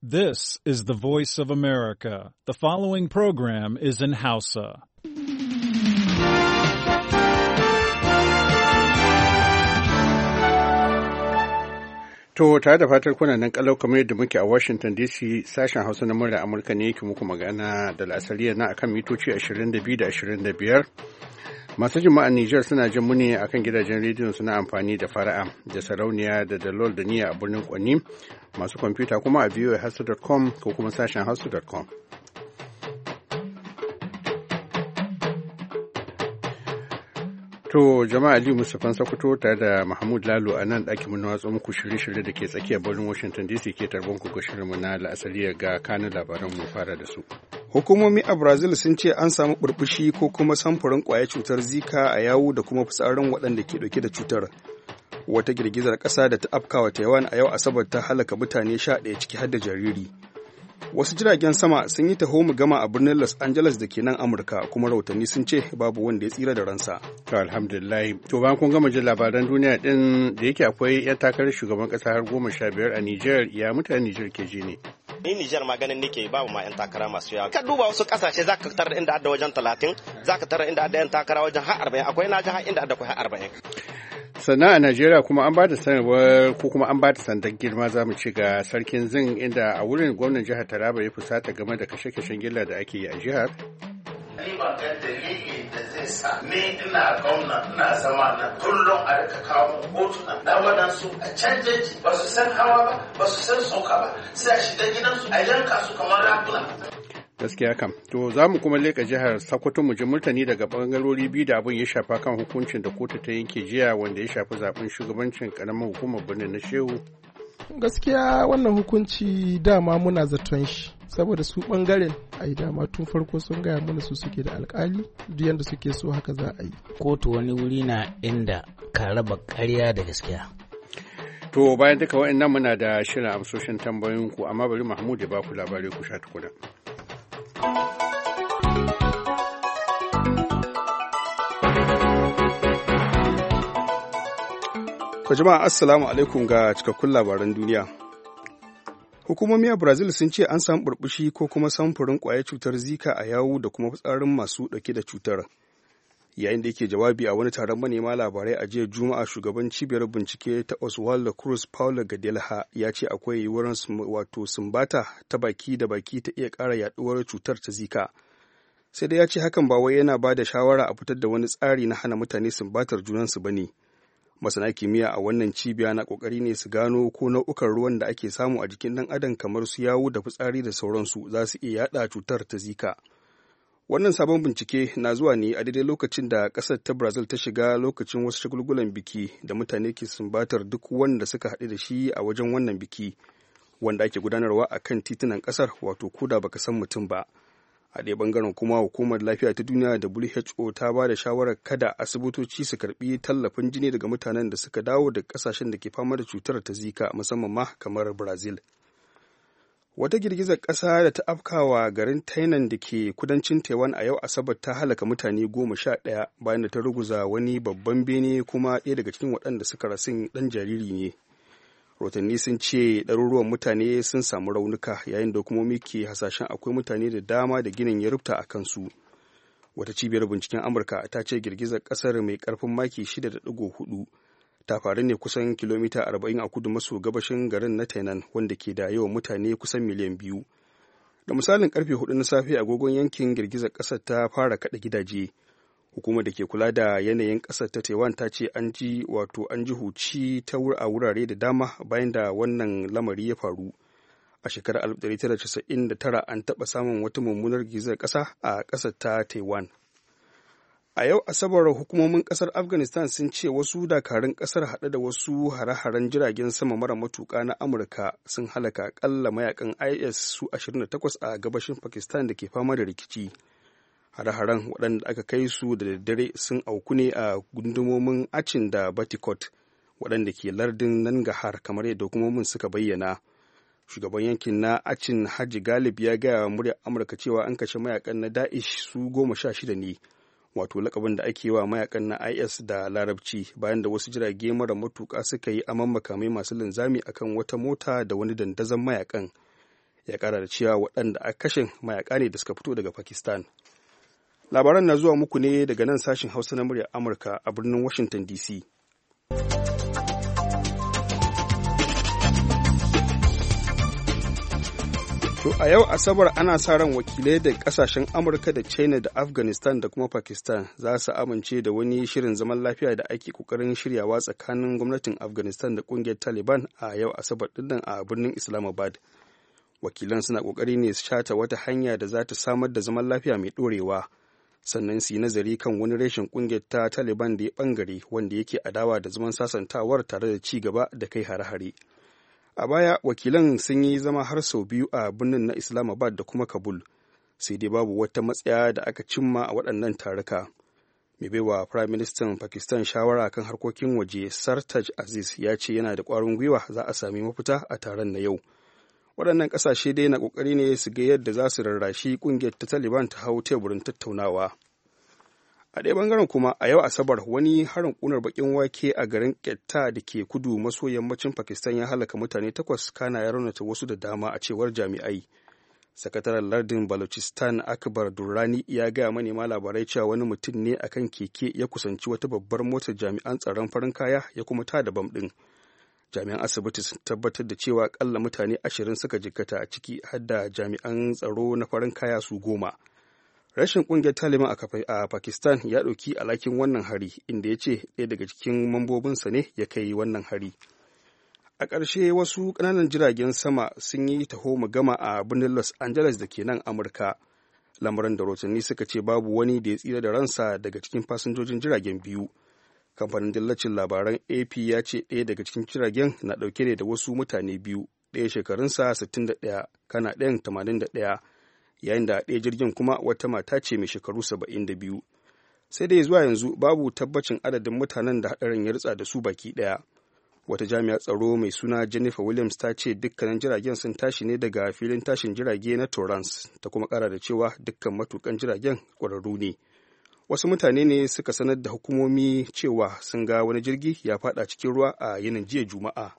This is the voice of America. The following program is in Hausa. To tare da fatar kuna nan kalau kamar yadda muke a Washington DC sashen Hausa na murya Amurka ne yake muku magana da la'asariya na akan mitoci 22 da 25 masu jima'a Nijar suna jin muni a kan gidajen rediyon suna amfani da fara'a da sarauniya da dalol da niyya a birnin kwanni masu kwamfuta kuma a hasu.com ko kuma sashen hasu.com. To jama'a Aliyu Mustapha Sokoto tare da Mahmud Lalo a nan ɗakin mun watsa muku shirye-shirye da ke tsakiyar birnin Washington DC ke tarbon ku ga shirinmu na la'asari ga kanin labaran mu fara da su. Hukumomi a Brazil sun ce an samu burbushi ko kuma samfurin kwaya cutar Zika a yawu da kuma fitsarin waɗanda ke dauke da cutar. Wata girgizar ƙasa da ta afkawa Taiwan a yau Asabar ta halaka mutane 11 ciki har da jariri. wasu jiragen sama sun yi taho mu gama a birnin los angeles da ke nan amurka kuma rahotanni sun ce babu wanda ya tsira da ransa to alhamdulillah to bayan kun gama jin labaran duniya din da yake akwai yan takarar shugaban kasa har goma sha biyar a niger ya mutane niger ke ji ne ni niger ma ganin nake babu ma yan takara masu yawa ka duba wasu kasashe zaka tarar inda adda wajen talatin zaka tarar inda adda yan takara wajen har arba'in akwai na ji har inda adda akwai har arba'in sannan a najeriya kuma an ba da sanarwar ko kuma an ba da sandan girma za mu ci ga sarkin zin inda a wurin gwamnan jihar taraba ya fusata game da kashe-kashen gilla da ake yi a jihar ni ban ga dalilin da zai sa ni ina gauna ina zama na kullum a rika kawo hotuna na waɗansu a canjaji ba su san hawa ba ba su san soka ba sai a shiga gidansu a yanka su kamar rafuna gaskiya kam to za mu kuma leka jihar sokoto mu ji murtani daga bangarori biyu da abin ya shafa kan hukuncin da kotu ta yanke jiya wanda ya shafi zaben shugabancin karamin hukumar birnin na shehu gaskiya wannan hukunci dama muna zaton shi saboda su bangaren a yi dama tun farko sun gaya mana su suke da alkali duk yadda suke so haka za a yi kotu wani wuri na inda ka raba karya da gaskiya to bayan duka wa'annan muna da shirin amsoshin tambayoyinku amma bari mahmud ya ba ku labarai ku sha tukuna a jama'a assalamu alaikum ga cikakkun labaran duniya. Hukumomi a Brazil sun ce an samu burbushi ko kuma samfurin kwayar cutar Zika a yawu da kuma fitsarin masu ɗauke da cutar. yayin da yake jawabi a wani taron manema labarai a jiya juma'a shugaban cibiyar bincike ta oswaldo cruz paula gadelha ya ce akwai yiwuwar wato sumbata ta baki da baki ta iya ƙara yaduwar cutar ta zika sai dai ya ce hakan ba wai yana ba da shawara a fitar da wani tsari na hana mutane sumbatar junansu ba ne masana kimiyya a wannan cibiya na kokari ne su gano ko nau'ukan ruwan da ake samu a jikin ɗan adam kamar su yawu da fitsari da sauransu za su iya yada cutar ta zika Wannan sabon bincike na zuwa ne a daidai lokacin da ƙasar ta Brazil ta shiga lokacin wasu shagulgulan biki da mutane ke sumbatar duk wanda suka haɗu da shi a wajen wannan biki wanda ake gudanarwa a kan titunan ƙasar wato koda baka san mutum ba. A ɗaya ɓangaren kuma hukumar lafiya ta duniya WHO ta ba da shawarar kada asibitoci su karɓi tallafin jini daga mutanen da suka dawo da kasashen da ke fama da cutar ta zika musamman ma kamar Brazil. wata girgizar ƙasa da ta afkawa garin tainan da ke kudancin taiwan a yau asabar ta halaka mutane goma sha ɗaya bayan da ta ruguza wani babban bene kuma ɗaya daga cikin waɗanda suka rasin ɗan jariri ne rotanni sun ce ɗaruruwan mutane sun samu raunuka yayin da hukumomi ke hasashen akwai mutane da dama da ginin ya rufta a kansu wata cibiyar binciken amurka ta ce girgizar ƙasar mai ƙarfin maki 6.4 ta faru ne kusan kilomita arba'in a kudu maso gabashin garin na Tainan wanda ke da yawan mutane kusan miliyan biyu. Da misalin karfe hudu na safe agogon yankin girgizar kasar ta fara kada gidaje. Hukumar da ke kula da yanayin kasar ta Taiwan ta ce an ji wato an ji huci ta a wurare da dama bayan da wannan lamari ya faru. A shekarar 1999 an taɓa samun wata mummunar girgizar ƙasa a ƙasar ta Taiwan. a yau asabar hukumomin kasar afghanistan sun ce wasu dakarun kasar haɗe da wasu hare-haren jiragen sama mara matuka na amurka sun halaka akalla mayakan is su 28 a gabashin pakistan da ke fama da rikici hare-haren waɗanda aka kai su da daddare sun auku ne a gundumomin acin da batikot waɗanda ke lardin nangahar kamar yadda hukumomin suka bayyana shugaban yankin na acin haji galib ya gaya wa muryar amurka cewa an kashe mayakan na da'ish su goma sha shida ne wato lakabin da ake wa mayakan na is da larabci bayan da wasu jirage mara matuka suka yi aman makamai masu linzami akan wata mota da wani dandazon mayakan ya kara da cewa waɗanda a kashin mayaka ne da suka fito daga pakistan labaran na zuwa muku ne daga nan sashin hausa na muryar amurka a birnin washington dc To a yau Asabar ana sa ran wakilai da kasashen Amurka da China da Afghanistan da kuma Pakistan za su amince da wani shirin zaman lafiya da ake kokarin shiryawa tsakanin gwamnatin Afghanistan da kungiyar Taliban a yau Asabar nan a birnin Islamabad. Wakilan suna kokari ne su shata wata hanya da za ta samar da zaman lafiya mai ɗorewa sannan su yi nazari kan wani reshen kungiyar ta Taliban da ya bangare wanda yake adawa da zaman sasantawar tare da ci gaba da kai hare-hare. a baya wakilan sun yi zama har sau biyu a birnin na islamabad da kuma kabul sai dai babu wata matsaya da aka cimma a waɗannan taruka mai baiwa prime minister pakistan shawara kan harkokin waje sartaj aziz ya ce yana da ƙwarin gwiwa za a sami mafita a taron na yau waɗannan ƙasashe dai na ƙoƙari ne su ga yadda za su rarrashi ƙungiyar ta taliban ta hau teburin tattaunawa a ɗaya bangaren kuma a yau asabar wani harin kunar bakin wake a garin ƙetta da ke kudu maso yammacin pakistan ya halaka mutane takwas kana ya raunata wasu da dama a cewar jami'ai sakataren lardin balochistan akbar durrani ya gaya manema labarai cewa wani mutum ne akan keke ya kusanci wata babbar motar jami'an tsaron farin kaya ya kuma ta da bam ɗin jami'an asibiti sun tabbatar da cewa akalla mutane ashirin suka jikkata a ciki har da jami'an tsaro na farin kaya su goma rashin kungiyar taliban a pakistan ya ɗauki alakin wannan hari inda ya ce ɗaya daga cikin mambobinsa ne ya kai wannan hari a ƙarshe wasu ƙananan jiragen sama sun yi taho gama a birnin los angeles da ke nan amurka lamarin da rotanni suka ce babu wani da ya tsira da ransa daga cikin fasinjojin jiragen biyu kamfanin dillacin labaran ap ya ce ɗaya daga cikin jiragen na ɗauke ne da wasu mutane biyu ɗaya shekarunsa 61 kana ɗayan 81 yayin da ɗaya jirgin kuma wata mata ce mai shekaru saba'in da biyu sai dai zuwa yanzu babu tabbacin adadin mutanen da haɗarin ya ritsa da su baki ɗaya wata jami'a tsaro mai suna jennifer williams ta ce dukkanin jiragen sun tashi ne daga filin tashin jirage na torrance ta kuma kara da cewa dukkan matukan jiragen ƙwararru ne wasu mutane ne suka sanar da hukumomi cewa sun ga wani jirgi ya faɗa cikin ruwa a yinin jiya juma'a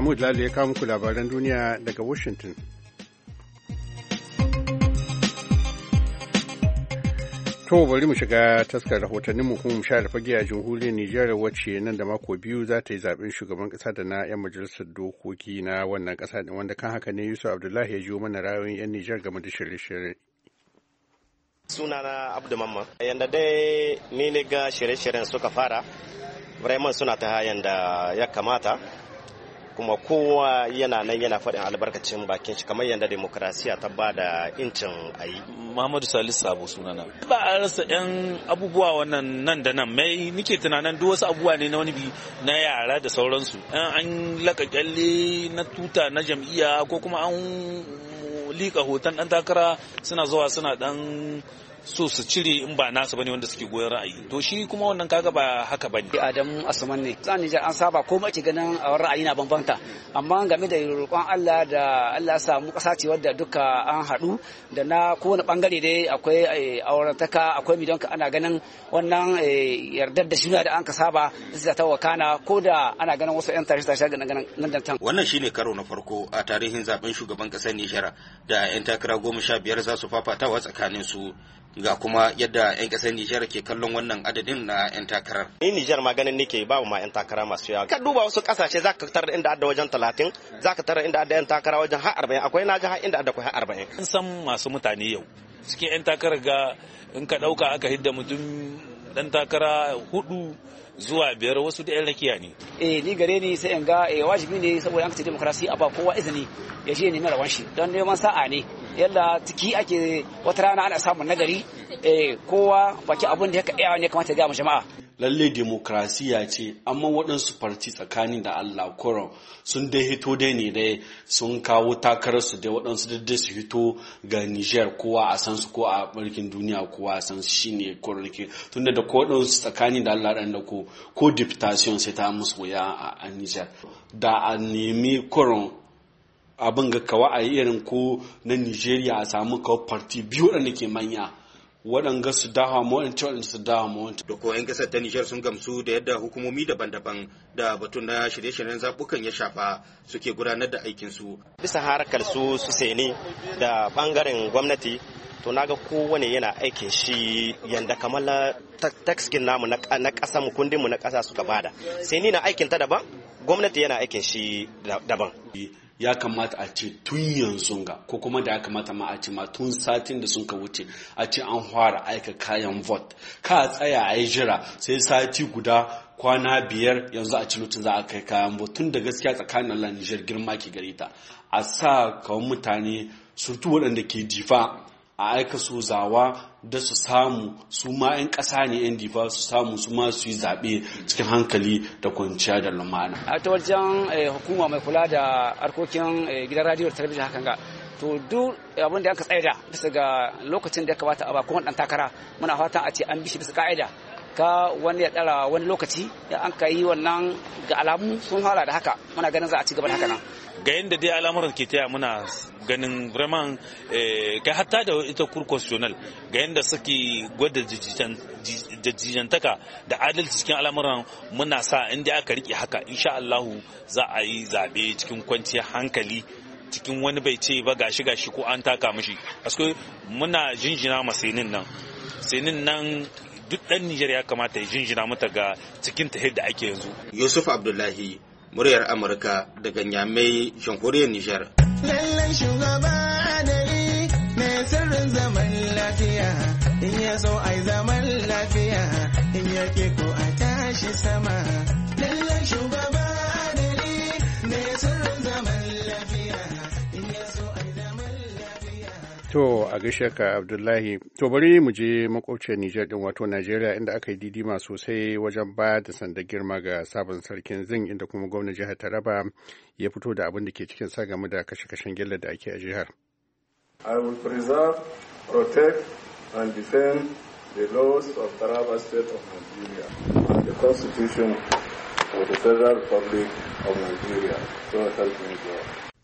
Mahmud Lalo ya kawo muku labaran duniya daga Washington. To bari mu shiga taskar rahotannin mu kuma mu sha fage a jamhuriyar Nijar wacce nan da mako biyu za ta yi zaben shugaban kasa da na 'yan majalisar dokoki na wannan kasa din wanda kan haka ne Yusuf Abdullahi ya jiyo mana rayuwar 'yan Nijar game da shirye-shirye. Sunana Abdu Mamman. Yanda dai ni ne ga shirye-shiryen suka fara, vraiment suna ta hayan da ya kamata. kuma kowa yana nan yana faɗin albarkacin bakin shi kamar yadda demokrasiya ta ba da incin a yi. Muhammadu Salisu Sabo sunana. Ba a rasa 'yan abubuwa wannan nan da nan mai nike tunanin duk wasu abubuwa ne na wani bi na yara da sauransu. An laka ƙyalle na tuta na jam'iyya ko kuma an liƙa hoton ɗan takara suna zuwa suna ɗan so su cire in ba nasu bane wanda suke goyon ra'ayi to shi kuma wannan kaga ba haka bane Adamu Asuman ne zan Nijar an saba ko mace ganin ra'ayi na bambanta amma game da roƙon Allah da Allah ya samu ƙasa ce wadda duka an haɗu da na kowane bangare dai akwai eh, aurantaka akwai ka ana ganin wannan eh, yardar da shuna da an ka saba zai ta wakana ko da ana ganin wasu 'yan tashi ganin nan da tan. Wannan shine karo na farko a tarihin zaben shugaban ƙasar Nijar da 'yan takara goma sha biyar za su fafatawa tsakanin su ga kuma yadda 'yan ƙasar Nijar ke kallon wannan adadin na 'yan takarar. Ni Nijar ma ganin nake babu ma 'yan takara masu yawa. Ka duba wasu ƙasashe za ka tarar inda adda wajen talatin, za ka tarar inda adda 'yan takara wajen har arba'in, akwai na ji har inda adda har arba'in. An san masu mutane yau. Cikin 'yan takarar ga in ka ɗauka aka hidda mutum ɗan takara hudu zuwa biyar wasu da 'yan rakiya ne. Eh ni gare ni sai in ga eh, wajibi ne saboda an kace demokrasi a ba kowa izini ya je neman rawan shi don neman sa'a ne yalla ciki ake wata rana ana samun nagari eh kowa baki abun da ya kamata ya ga jama'a. lalle demokrasiya ce amma waɗansu farti tsakanin da Allah koron sun dai hito dai ne dai sun kawo takararsu dai waɗansu dai su hito ga Niger kowa a san su ko a barkin duniya kowa a san shi ne korarki tun da waɗansu tsakanin da Allah ɗan da ko ko deputation sai ta musu wuya a Niger da a nemi koron abin ga kawa a irin ko na Nigeria a samu kawo farti biyu waɗanda ke manya waɗanga su da ma waɗanda su da ma wancan. Da kuma 'yan ƙasar ta Nijar sun gamsu da yadda hukumomi daban-daban da batun na shirye-shiryen zaɓukan ya shafa suke gudanar da aikinsu. Bisa harkar su su da ɓangaren gwamnati to naga kowane yana aikin shi yanda kamar taskin namu na ƙasa mu kundinmu na ƙasa suka bada. ni na aikin ta daban, gwamnati yana aikin shi daban. ya kamata a ce tun yanzu ga ko kuma da ya kamata ma a ce ma tun satin da sun ka wuce a ce an fara aika kayan vote ka a tsaya a yi jira sai sati guda kwana biyar yanzu a cilutin za a kai kayan vote tun da gaskiya tsakanin Allah girma ke gare ta a sa kawai mutane surtu waɗanda ke jifa a aika su zawa da su samu su ma 'yan ƙasa ne 'yan difa su samu su ma su yi zaɓe cikin hankali da kwanciya da lumana. a ta wajen eh, hukuma mai kula da harkokin eh, gidan radiyo da talabijin hakan ga to duk abin da aka tsaida bisa ga lokacin da ya kamata a ba kuma ɗan takara muna fatan a ce an bishi bisa ka'ida ka wani ya ɗara wani lokaci an ka yi wannan ga alamu sun hala da haka muna ganin za a ci gaba da haka nan. ga yadda dai al'amuran ke taya muna ganin raman eh, ga hatta da ita kur ga yadda suke gwada jijjantaka da adalci cikin al'amuran muna sa inda aka riƙe haka insha Allahu za a yi zaɓe cikin kwanciyar hankali cikin wani bai ce ba gashi gashi ko an taka mashi asko muna jinjina ma senin nan senin nan duk ɗan Nijar ya kamata ya jinjina mata ga cikin tahir da ake yanzu Yusuf Abdullahi muryar Amurka daga Nyamai, jamhuriyar Nijar. Lallan shugaba adali mai sirrin zaman lafiya, in ya so ai zaman lafiya, in ya ke ko a tashi sama. To a gaishe ka Abdullahi, to bari mu je makwabciyar Nijar din wato Najeriya inda aka yi didima sosai wajen ba da sanda girma ga sabon sarkin zin inda kuma gwamnan jihar Taraba ya fito da abin da ke cikin sa game da kashe-kashen gilla da ake a jihar. I will preserve, protect and defend the laws of Taraba State of Nigeria and the Constitution of the Federal Republic of Nigeria. So help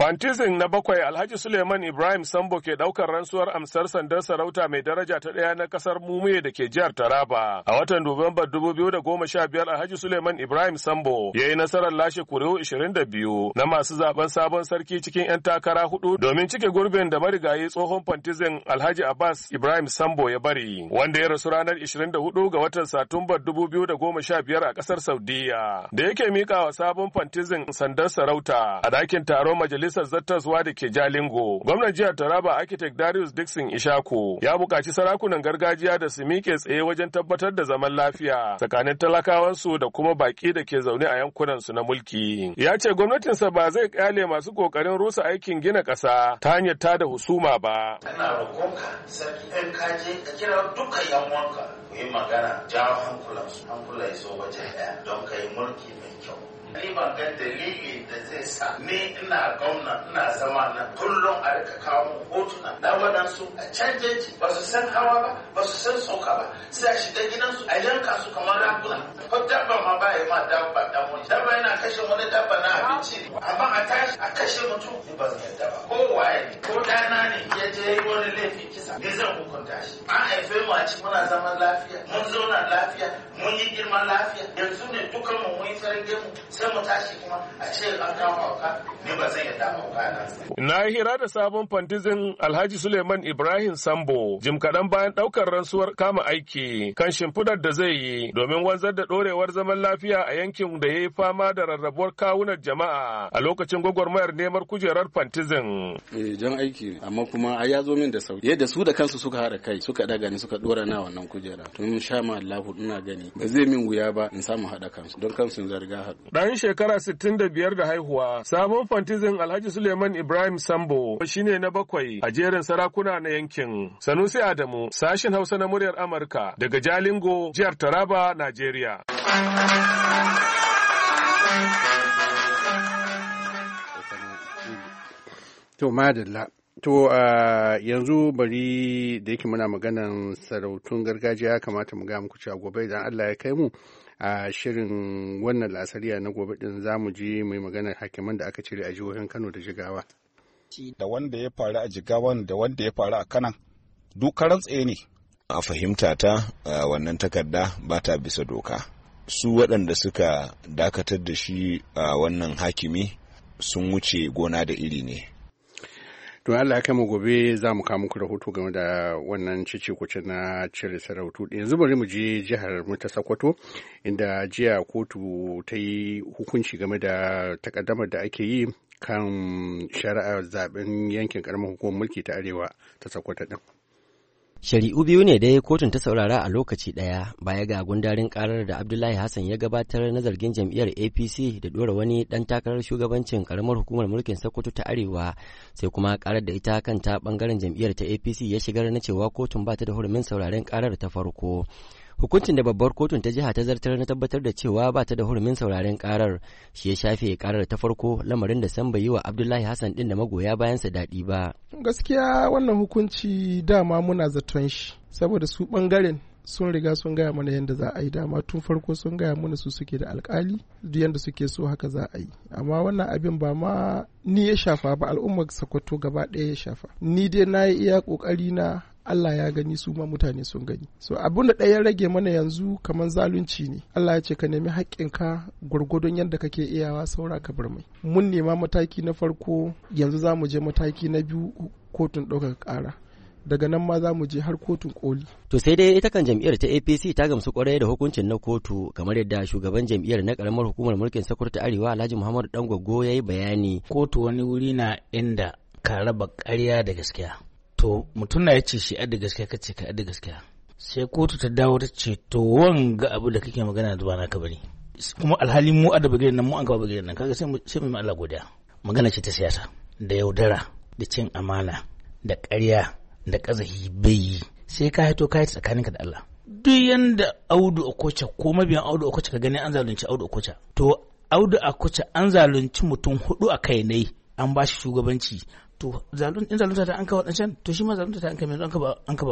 Bantizin na bakwai Alhaji Suleiman Ibrahim Sambo ke daukar rantsuwar amsar sandar sarauta mai daraja ta ɗaya na ƙasar Mumuye da ke jihar Taraba. A watan Nuwambar biyar Alhaji Suleiman Ibrahim Sambo ya yi nasarar lashe kuri'u biyu na masu zaben sabon sarki cikin 'yan takara hudu domin cike gurbin da marigayi tsohon Bantizin Alhaji Abbas Ibrahim Sambo ya bari wanda ya rasu ranar hudu ga watan Satumbar biyar a ƙasar Saudiya da yake mika wa sabon fantisin sandar sarauta a dakin taron majalisar majalisar zattaswa da ke Jalingo. Gwamnan jihar Taraba Architect Darius Dixon Ishaku ya buƙaci sarakunan gargajiya da su miƙe tsaye wajen tabbatar da zaman lafiya tsakanin talakawansu da kuma baƙi da ke zaune a yankunan su na mulki. Ya ce gwamnatinsa ba zai ƙyale masu ƙoƙarin rusa aikin gina ƙasa ta hanyar ta da husuma ba. Ina roƙonka sarki ɗan kaje ka kira duka yan wanka ku yi magana jawo hankulansu hankula ya zo wajen ɗaya don ka yi mulki mai kyau. ni ban ga dalili da zai sa ni ina gauna ina zama na kullum a rika kawo hotuna na waɗansu a canjanci ba su san hawa ba ba su san sauka ba sai a shiga gidansu a yanka su kamar raguna ko dabba ma ba ya ma dabba damuwa dabba yana kashe wani dabba na abinci amma a tashi a kashe mutum ni ba zan yadda ba ko waye ko ɗana ne ya je wani laifin kisa ne zan hukunta shi an haife mu a ci muna zaman lafiya mun zauna lafiya mun yi girman lafiya yanzu ne dukkanmu mu mun yi sarge mu mu tashi kuma a ce an kama hauka ba hauka na. yi hira da sabon fantizin Alhaji Suleiman Ibrahim Sambo jim kaɗan bayan ɗaukar rantsuwar kama aiki kan shimfidar da zai yi domin wanzar da ɗorewar zaman lafiya a yankin da ya yi fama da rarrabuwar kawunan jama'a a lokacin gwagwarmayar neman kujerar fantizin. jan eh, aiki amma kuma a ya zo min da sauki yadda su da kansu suka haɗa kai suka daga ni suka ɗora na wannan kujera tun sha ma Allahu ina gani ba zai min wuya ba in samu haɗa kansu don kansu zarga haɗu. shekara 65 da haihuwa. Sabon fantizin Alhaji Suleiman Ibrahim Sambo shine na bakwai a jerin sarakuna na yankin. Sanusi Adamu, sashin Hausa na muryar Amurka daga Jalingo, jihar Taraba, Najeriya. To madalla. To a yanzu bari da yake muna maganan sarautun gargajiya kamata mu ga muku cewa gobe idan Allah ya kai mu a shirin wannan lasariya na gobe din za mu je mai magana hakiman da aka cire a jihohin Kano da Jigawa. Da wanda ya faru a Jigawa da wanda ya faru a Kano dukaran tsaye ne. A fahimta ta wannan takarda ba ta bisa doka. Su waɗanda suka dakatar da shi a wannan hakimi sun wuce gona da iri ne. To Allah kai mu gobe za mu kawo muku rahoto game da wannan cici kuce na cire sarautu. Yanzu bari mu je jihar mu ta Sokoto inda jiya kotu ta yi hukunci game da takaddamar da ake yi kan shari'ar zaben yankin karamar hukumar mulki ta Arewa ta Sokoto din. Shari'u biyu ne dai kotun ta saurara a lokaci ɗaya baya ga gundarin karar da Abdullahi Hassan ya gabatar na zargin jam'iyyar APC da ɗora wani ɗan takarar shugabancin karamar hukumar mulkin Sokoto ta Arewa sai kuma karar da ita kanta ɓangaren jam'iyyar ta APC ya shigar na cewa kotun ba ta da hurumin sauraren karar ta farko. hukuncin da babbar kotun ta jiha ta zartar na tabbatar da cewa ba ta da hurumin sauraren karar shi ya shafe karar ta farko lamarin da san bai yi wa abdullahi hassan din da magoya bayansa daɗi ba gaskiya wannan hukunci dama muna zaton shi saboda su ɓangaren sun riga sun gaya mana yadda za a yi dama tun farko sun gaya mana su suke da alkali duk yadda suke so haka za a yi amma wannan abin ba ma ni ya shafa ba al'ummar sakwato gaba ɗaya ya shafa ni dai na yi iya ƙoƙari na Allah ya gani su ma mutane sun gani so abun da ya rage mana yanzu kamar zalunci ne Allah ya ce ka nemi haƙƙinka gwargwadon yadda kake iyawa saura ka bar mai mun nema mataki na farko yanzu za mu je mataki na biyu kotun ɗaukaka ƙara daga nan ma za mu je har kotun koli. To sai dai ita kan jam'iyyar ta APC ta gamsu kwarai da hukuncin na kotu kamar yadda shugaban jam'iyyar na karamar hukumar mulkin ta Arewa Alhaji Muhammadu Dangwago ya yi bayani. Kotu wani wuri na inda ka raba ƙarya da gaskiya. to mutum na ya ce shi adda gaskiya kace ka adda gaskiya sai kotu ta dawo ta ce to wanga abu da kake magana da na ka bari kuma alhali mu adda bagire nan mu an gaba bagire nan kaga sai mu sai mu Allah godiya magana ce ta siyasa da yaudara da cin amana da ƙarya da ƙazahi bai yi sai ka hito ka yi tsakaninka da Allah duk yanda Audu Okocha ko mabiyan Audu Okocha ka gani an zalunci Audu Okocha to Audu Okocha an zalunci mutum hudu a kai ne an ba shi shugabanci to zalunta ta an ka waɗancan to shi ma zalunta ta an ka mai an ka ba an ka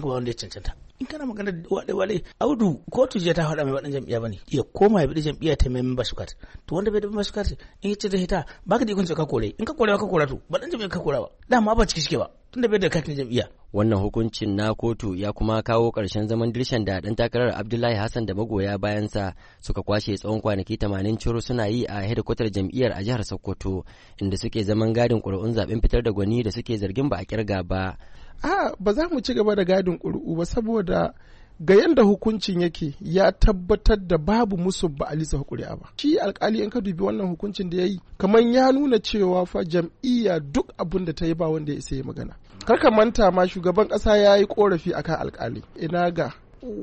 ba wanda ya cancanta in kana magana wale wale audu kotu je ta hada mai waɗannan jam'iyya bane ya koma ya bi jam'iyya ta mai membership card to wanda bai da membership card in ya ce da hita baka da ikon ka kore in ka kore ka kora to ba dan jam'iyya ka kora ba dama ba ciki shike ba tunda bai da katin jam'iyya wannan hukuncin na kotu ya kuma kawo ƙarshen zaman dirshan da ɗan takarar abdullahi hassan da magoya bayansa suka kwashe tsawon kwanaki tamanin ciro suna yi a hedikwatar jam'iyyar a jihar sokoto inda suke zaman gadin ƙuri'un zaɓen fitar da gwani da suke zargin ba a kirga ba a ba za mu ci gaba da gadin ƙuri'u ba saboda ga yadda hukuncin yake ya tabbatar da babu musu ba alisa ƙuri'a ba shi alkali in ka dubi wannan hukuncin da ya yi kamar ya nuna cewa fa jam'iyya duk abin da ta yi ba wanda ya isa ya magana kar ka manta ma shugaban ƙasa ya yi ƙorafi akan alkali ina ga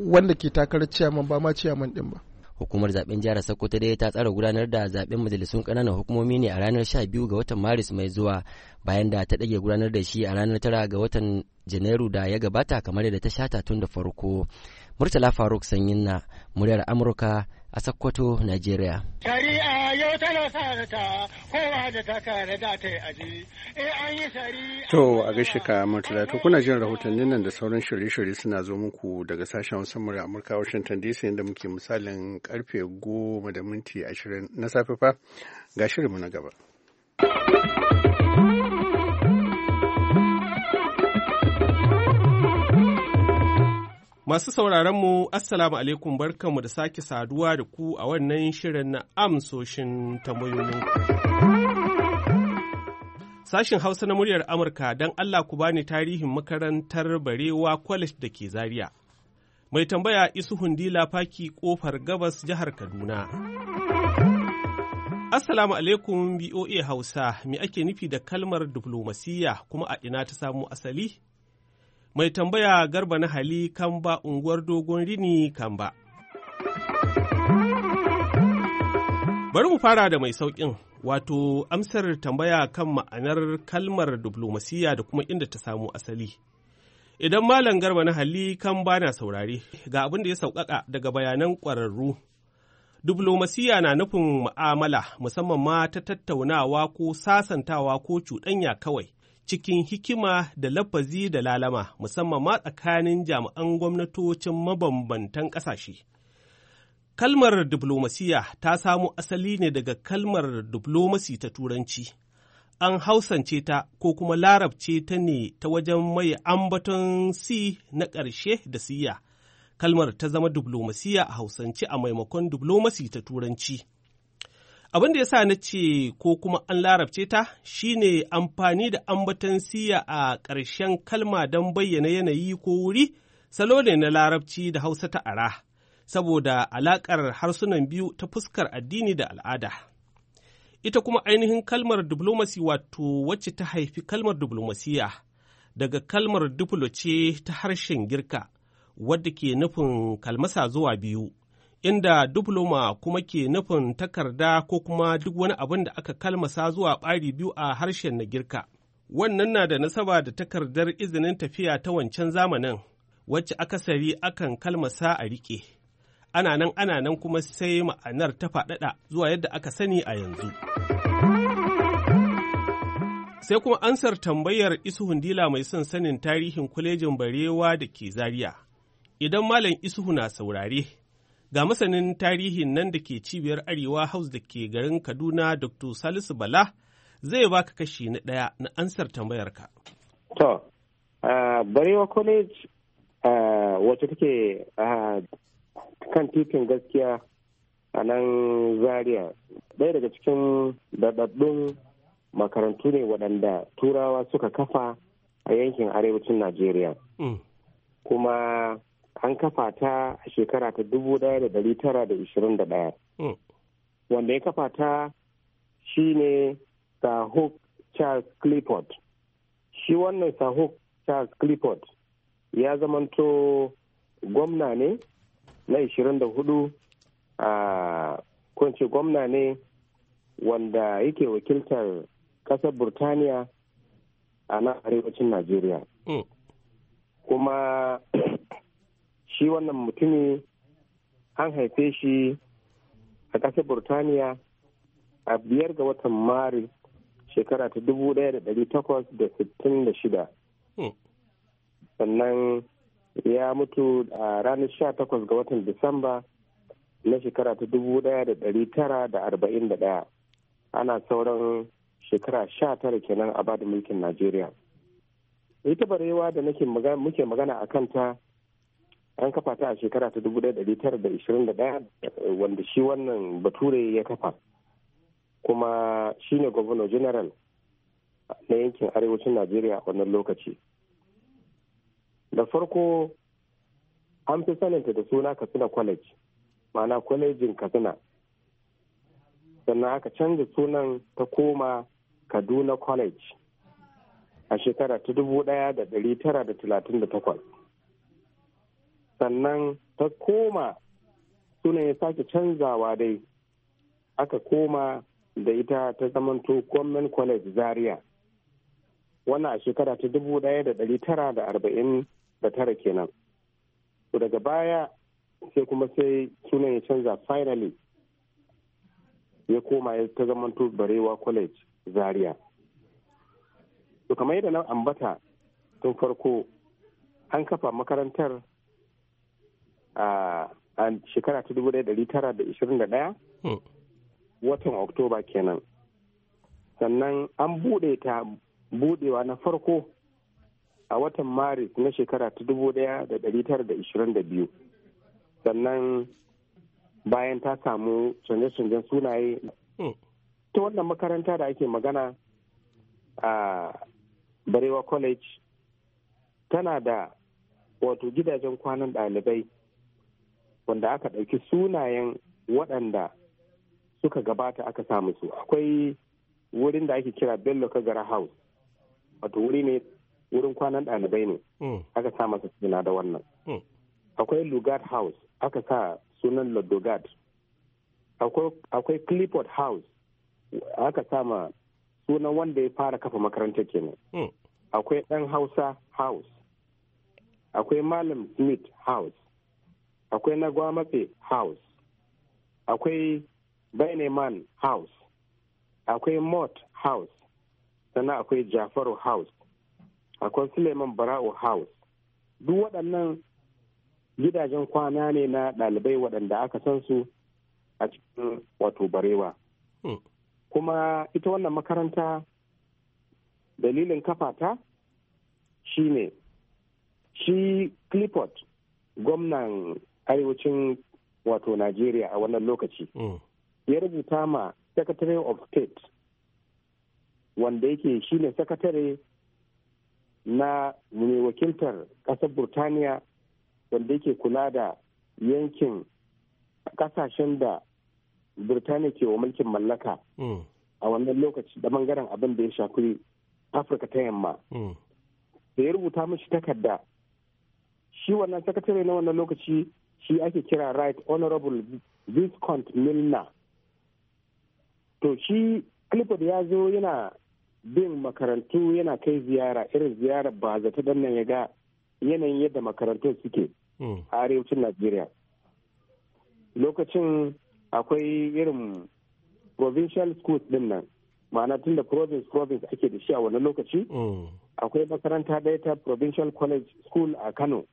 wanda ke takarar ciyaman ba ma ciyaman ɗin ba hukumar zaben jihar sokoto dai ta tsara gudanar da zaben majalisun kananan hukumomi ne a ranar 12 ga watan maris mai zuwa bayan da ta dage gudanar da shi a ranar 9 ga watan janairu da ya gabata kamar yadda ta shata tun da farko murtala faruk sanyin na muryar amurka a Sokoto, Najeriya. Shari'a yau tana sa ta kowa da ta kare da ta aji. Eh an yi shari'a. To a gaishe ka Murtala to kuna jin rahotannin nan da sauran shirye-shirye suna zo muku daga sashen musamman Amurka Washington DC inda muke misalin karfe goma da minti ashirin na safe fa ga shirinmu na gaba. Masu mu Assalamu alaikum barkanmu da sake saduwa da ku a wannan shirin na amsoshin tambayoyin. Sashin Hausa na muryar Amurka don Allah ku bani tarihin makarantar Barewa College da ke Zaria. Mai tambaya Isu Hundila Faki Kofar Gabas Jihar Kaduna. Assalamu alaikum BOA Hausa, me ake nufi da kalmar diflomasiyya kuma a ina ta samu asali? mai tambaya garba na hali ba unguwar dogon rini kamba. Bari mu fara da mai sauƙin wato amsar tambaya kan ma'anar kalmar diplomasiya da kuma inda ta samu asali. Idan Malam Garba na hali kan na saurare ga abin da ya sauƙaƙa daga bayanan ƙwararru. Diplomasiya na nufin mu'amala musamman ma ta tattaunawa ko sasantawa ko cuɗanya kawai cikin hikima da lafazi da lalama musamman ma tsakanin jami'an gwamnatocin mabambantan ƙasashe. Kalmar diplomasiya ta samo asali ne daga kalmar diplomasi ta Turanci. An hausance ta ko kuma larabce ta ne ta wajen mai ambaton si na ƙarshe da siya. Kalmar ta zama diplomasiya a hausance a maimakon diplomasi ta Turanci. Abin da ya sa na ce ko kuma an larabce ta shine amfani da ambaton siya a ƙarshen kalma don bayyana yanayi ko wuri, salo ne na larabci da Hausa ta ara, saboda alaƙar harsunan biyu ta fuskar addini da al'ada. Ita kuma ainihin kalmar diplomasi wato wacce ta haifi kalmar diplomasiya daga kalmar diplo ce ta harshen girka, wadda ke nufin kalmasa zuwa biyu. inda diploma kuma ke nufin takarda ko kuma duk wani abin da aka kalmasa zuwa ɓari biyu a harshen na girka. Wannan na da nasaba da takardar izinin tafiya ta wancan zamanin, wacce aka sari akan kalmasa a riƙe. Ana nan ana nan kuma sai ma'anar ta faɗaɗa zuwa yadda aka sani a yanzu. Sai kuma ansar tambayar Isu Hundila mai son sanin tarihin kwalejin Barewa da ke Zariya, Idan Malam Isuhu na saurare, Ga masanin tarihin nan da ke cibiyar Arewa House da ke garin Kaduna Dr. Salisu Bala zai baka kashi na ɗaya na ansar tambayarka. To, Barewa College wacce take kan titin gaskiya a nan Zaria ɗaya daga cikin daɗaɗɗun makarantu ne waɗanda turawa suka kafa a yankin arewacin Najeriya. Mm. Kuma an kafa ta a shekara ta dubu daya da dari tara da ishirin da daya hmm. wanda ya kafa ta shine sahuk charles clifford shi wannan sahuk charles clifford ya zamanto gwamna ne na ishirin da hudu a kunci gwamna ne wanda yake wakiltar kasar burtaniya a nan arewacin najeriya hmm. kuma shi wannan mutumi an haife shi a ƙasar burtaniya a biyar ga watan maris shekara ta dubu ɗaya da ɗari takwas da sittin da shida hmm. sannan ya mutu a ranar sha takwas ga watan disamba na shekara ta dubu ɗaya da ɗari tara da arba'in da ɗaya ana sauran shekara sha tara kenan a bada mulkin najeriya ita barewa da muke magana a kanta an kafa ta a shekara ta 1921 eh, wanda shi wannan bature ya kafa kuma shi ne governor general na yankin arewacin najeriya a wannan lokaci da farko an fi saninta da suna katsina college ma'ana kwalejin katsina sannan aka canza sunan ta koma kaduna college a shekara ta 1938 sannan ta koma suna ya sake canzawa dai aka koma da ita ta zamanto gwamnan college zaria wannan a shekara ta dubu daya da dari tara da arba'in da tara kenan to daga baya sai kuma sai suna ya canza finally ya koma ta zamanto barewa college zaria to kamar yadda na ambata tun farko an kafa makarantar a shekara ta dubu ɗaya da tara da ishirin da ɗaya hmm. watan oktoba kenan sannan an buɗe ta buɗewa na farko a watan maris na shekara ta dubu ɗaya da dari tara da ishirin da biyu sannan bayan ta samu canje-canjen sunaye hmm. ta wannan makaranta da ake magana a barewa college tana da wato gidajen kwanan ɗalibai wanda aka ɗauki sunayen waɗanda suka gabata aka samu su akwai wurin da ake kira bello kagara house wato wuri ne wurin kwanan ɗalibai ne hmm. aka sa masa suna da wannan hmm. akwai lugard house aka sa sunan lodogard akwai clifford house aka sa ma sunan wanda ya fara kafa makarantar kenan hmm. akwai ɗan hausa house akwai malam smith house akwai na gwamnati house akwai beneman house akwai mott house sannan akwai jafaru house akwai suleiman bara'u house duk waɗannan gidajen kwana ne na ɗalibai waɗanda aka san su a cikin wato barewa hmm. kuma ita wannan makaranta dalilin kafata shine shi clifford gwamnan arewacin wato Najeriya a wannan lokaci. Mm. Ya rubuta ma Secretary of State wanda yake shi ne sakatare na mai wakiltar ƙasar Burtaniya wanda yake kula da yankin ƙasashen da Burtaniya ke wa mulkin mallaka mm. a wannan lokaci da bangaren abin da ya shafi Afirka ta yamma. Mm. Da ya rubuta mashi takarda shi wannan sakatare na wannan lokaci shi ake kira right honorable viscount milner to shi clifford ya zo yana bin makarantu yana kai ziyara irin ziyara ba zata don nan ya ga yanayin yadda makarantu suke hmm. a arewacin nigeria lokacin akwai irin provincial schools din nan ma'ana tun da province province ake da shi a wani lokaci hmm. akwai makaranta ɗaya ta provincial college school a kano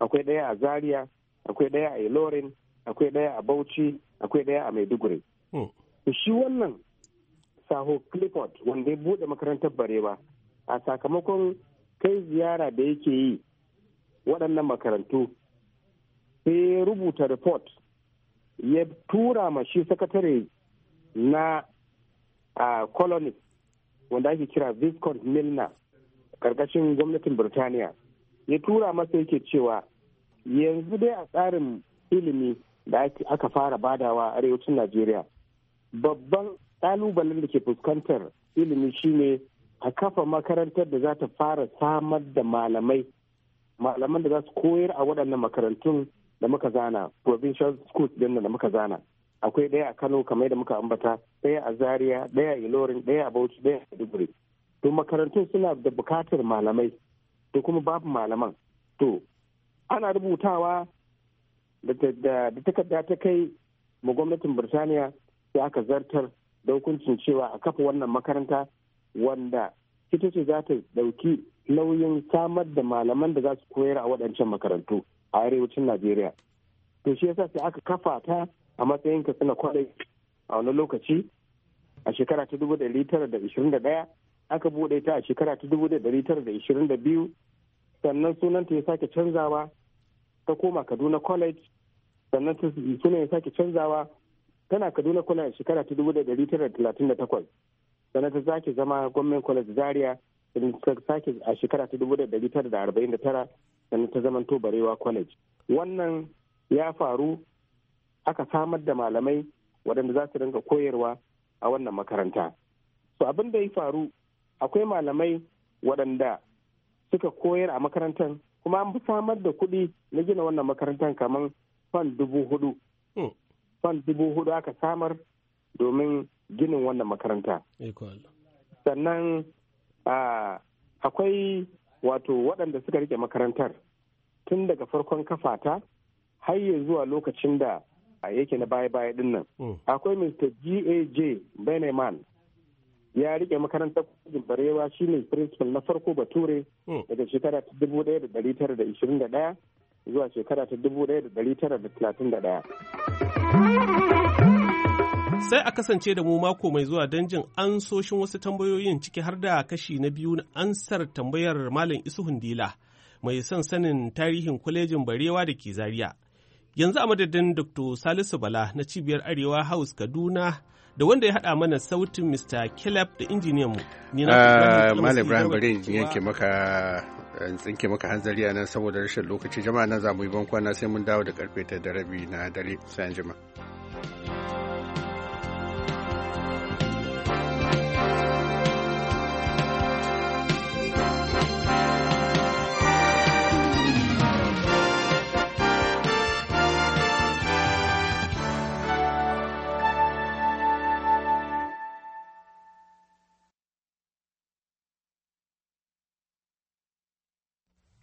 akwai daya a zaria akwai ɗaya a ilorin akwai ɗaya a bauchi akwai ɗaya a maiduguri hmm. to shi wannan saho clifford wanda ya buɗe makarantar barewa a sakamakon kai ziyara da yake yi waɗannan makarantu sai ya rubuta report ya tura ma shi sakatare na colony wanda ake kira viscount milner karkashin gwamnatin birtaniya ya tura masa yake cewa yanzu dai a tsarin ilimi da aka fara badawa a arewacin najeriya babban ƙalubalen da ke fuskantar ilimi shine a kafa makarantar da za ta fara samar da malamai malaman da za su koyar a waɗannan makarantun da muka zana provincial schools din da muka zana akwai ɗaya a kano kamar da muka ambata ɗaya a zaria ɗaya a ilorin ɗaya a bauchi ɗaya a duburi to makarantun suna da bukatar malamai to kuma babu malaman to ana rubutawa da takarda ta kai ma gwamnatin birtaniya sai aka zartar da hukuncin cewa a kafa wannan makaranta wanda ita ce za ta ɗauki nauyin samar da malaman da za su koyar a waɗancan makarantu a arewacin najeriya to shi yasa sai aka kafa ta a matsayin ka suna kwaɗai a wani lokaci a shekara ta dubu da tara da ishirin da ɗaya aka buɗe ta a shekara ta dubu da tara da ishirin da biyu sannan sunanta ya sake canzawa ta koma kaduna college sannan suna ya sake canzawa tana kaduna college shekara ta dubu da dari tara talatin da takwas sannan ta sake zama gwamnan college zaria ta sake a shekara ta dubu da dari tara da arba'in da tara sannan ta zama barewa college wannan ya faru aka samar da malamai waɗanda za su dinga koyarwa a wannan makaranta so abin da ya faru akwai malamai waɗanda suka koyar a makarantar kuma an samar da kuɗi na gina wannan makarantar kamar fan dubu hudu hmm. fan dubu hudu aka samar domin ginin wannan makaranta sannan akwai wato waɗanda suka rike makarantar tun daga farkon kafata har ya zuwa lokacin da yake na baya-baya dinnan hmm. akwai mr gaj beneman ya rike makarantar kwajin barewa shine principal na farko bature hmm. daga shekara ta dubu daya da dari tara da ishirin da daya zuwa shekara ta dubu daya da dari tara da talatin da daya. Sai a kasance da mu mako mai zuwa don jin ansoshin wasu tambayoyin ciki har da kashi na biyu na ansar tambayar Malam Isuhun Dila mai son sanin tarihin kwalejin barewa da ke Zaria. Yanzu a madadin Dr. Salisu Bala na cibiyar Arewa House Kaduna da wanda ya haɗa mana sautin Mr. Caleb da injiniyan mu. Ah, Malam Ibrahim bari in yanke maka tsinke maka hanzari a nan saboda rashin lokaci jama'a nan za mu yi bankwana sai mun dawo da karfe ta da rabi na dare sai an jima.